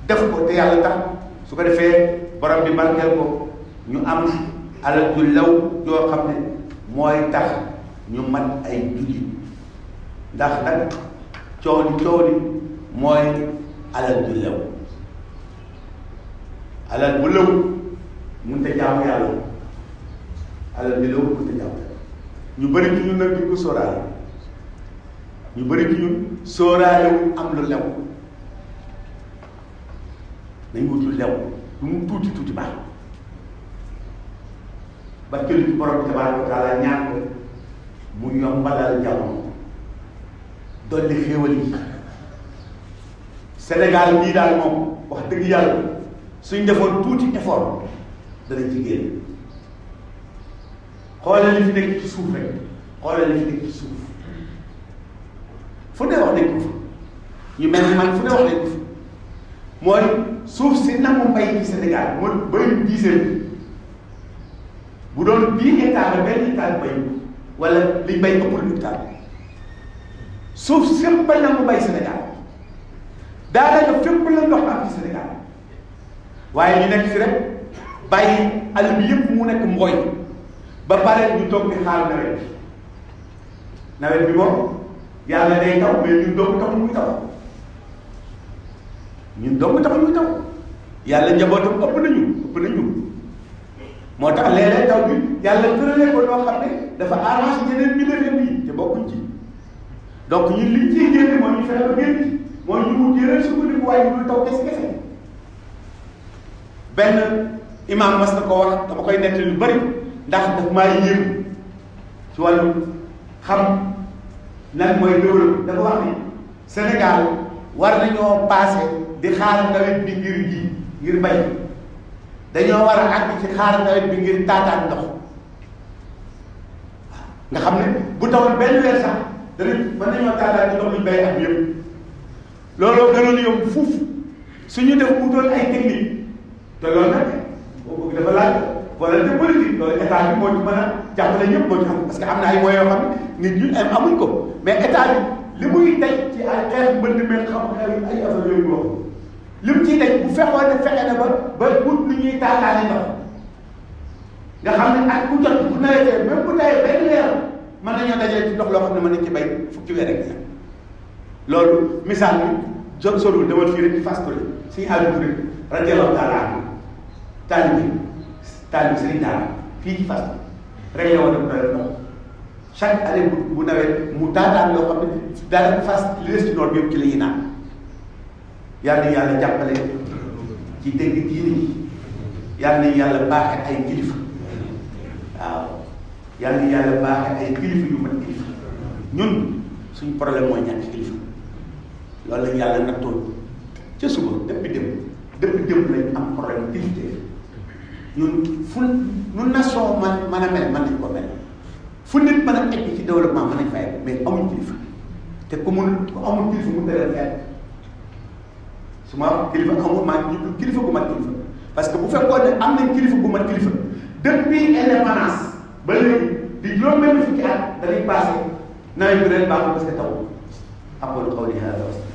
def ko te yàlla tax su ko defee borom bi barkeel ko ñu am alal ju law joo xam ne mooy tax ñu mat ay jullit ndax nag coow li coow li mooy alal ju law alal bu law mënut a jaamu yàlla alal ju law mënut a jaamu ñu bëri ci ñun nag duñ ko sóoraale ñu bëri ci ñun sóoraale am lu lew nañ wut lu lew lu mu tuuti tuuti baax ba jëli ci borom tabaaraka wa taala ñaan ko mu yombalal jamono dolli xéewal yi Sénégal daal moom wax dëgg yàlla suñ defoon tuuti effort danañ ci génn xoolal li fi nekk ci suuf rek xoolal li fi nekk ci suuf fu ne wax nañ ko fa mooy suuf si nangu mbay ci Sénégal mooy bayu diiseen bu doon bii hectare la benn hectare bayu wala liñ bay ëppul hectare suuf sépp ba nangu bay Sénégal daanaka fépp la ndox am ci Sénégal waaye ñu nekk fi rek bàyyi àll bi yëpp mu nekk mbooy ba pare ñu toog di xaar nawet nawet bi moom yàlla day taw mais ñun doomu taxul muy taw ñun doomu taxul muy taw yàlla njabootam ëpp nañu ëpp nañu moo tax léeg-léeg taw bi yàlla tëralee ko loo xam ne dafa arrange ñeneen ñi defee bii te bokkuñ ci donc ñun liñ ciy génne mooy ñu fexe ba génn ci mooy ñu mu jëlee sukkandiku waaye ñu taw kese kese benn imaam mas na ko wax dama koy nettali lu bari. ndax daf maa yéem ci wàllu xam nag mooy développe dafa wax ni Sénégal war nañoo passé di xaar nawet bi ngir ji ngir bay dañoo war a àgg ci xaar nawet bi ngir taataan ndox xam ne bu tawul benn weer sax danañ mën nañoo taataan ci ndox mi bay am suñu def utoon ay technique te loolu nag dafa laaj volonté politique loolu état bi moo ci mën a jàppale ñëpp moo ci xam parce que am na ay moyens yoo xam ne nit ñun amuñ ko mais état bi li muy tey ci ay xeex mbënd mel xam xeex ay affaire yooyu wax li mu ciy tey bu fexoon ne fexe na ba ba ut lu ñuy tàllaale ndox nga xam ne ak ku jot bu nawetee même bu tawee benn weer mën nañoo dajale ci ndox loo xam ne mën nañ ci bay fukki weer rek loolu misaal bi jot solul demal fii rek ci si Touré suñu àll bi rek rajo Lalla Talla bi. taalibu Serigne Daara fii ci Fass réglé woon na bu nawet mu taataan yoo xam ne daanaka Fass li des ci noor bi yëpp ci la ñuy naan yàlla jàppale ci dégg diine yi yàlla yàlla baaxe ay kilifa waaw yàlla yàlla baaxe ay kilifa yu mat kilifa ñun suñu problème mooy ñàkk kilifa loolu lañ yàlla nattoo ca suba depuis dem depuis dem lañ am problème kilifa. ñun fu nu nation man mën a mel mën nañ ko mel fu nit mën a egg ci développement mën nañ fay mais amuñ kilifa te ku mun ku amul kilifa mu tëral xel su ma kilifa amul maa ñu kilifa bu mat kilifa parce que bu fekkoon ne am nañ kilifa bu mat kilifa depuis indépendance ba léegi di juróom-benn fukki at da lay passé nawet bi ren baaxul parce que taw aqulu qawli hada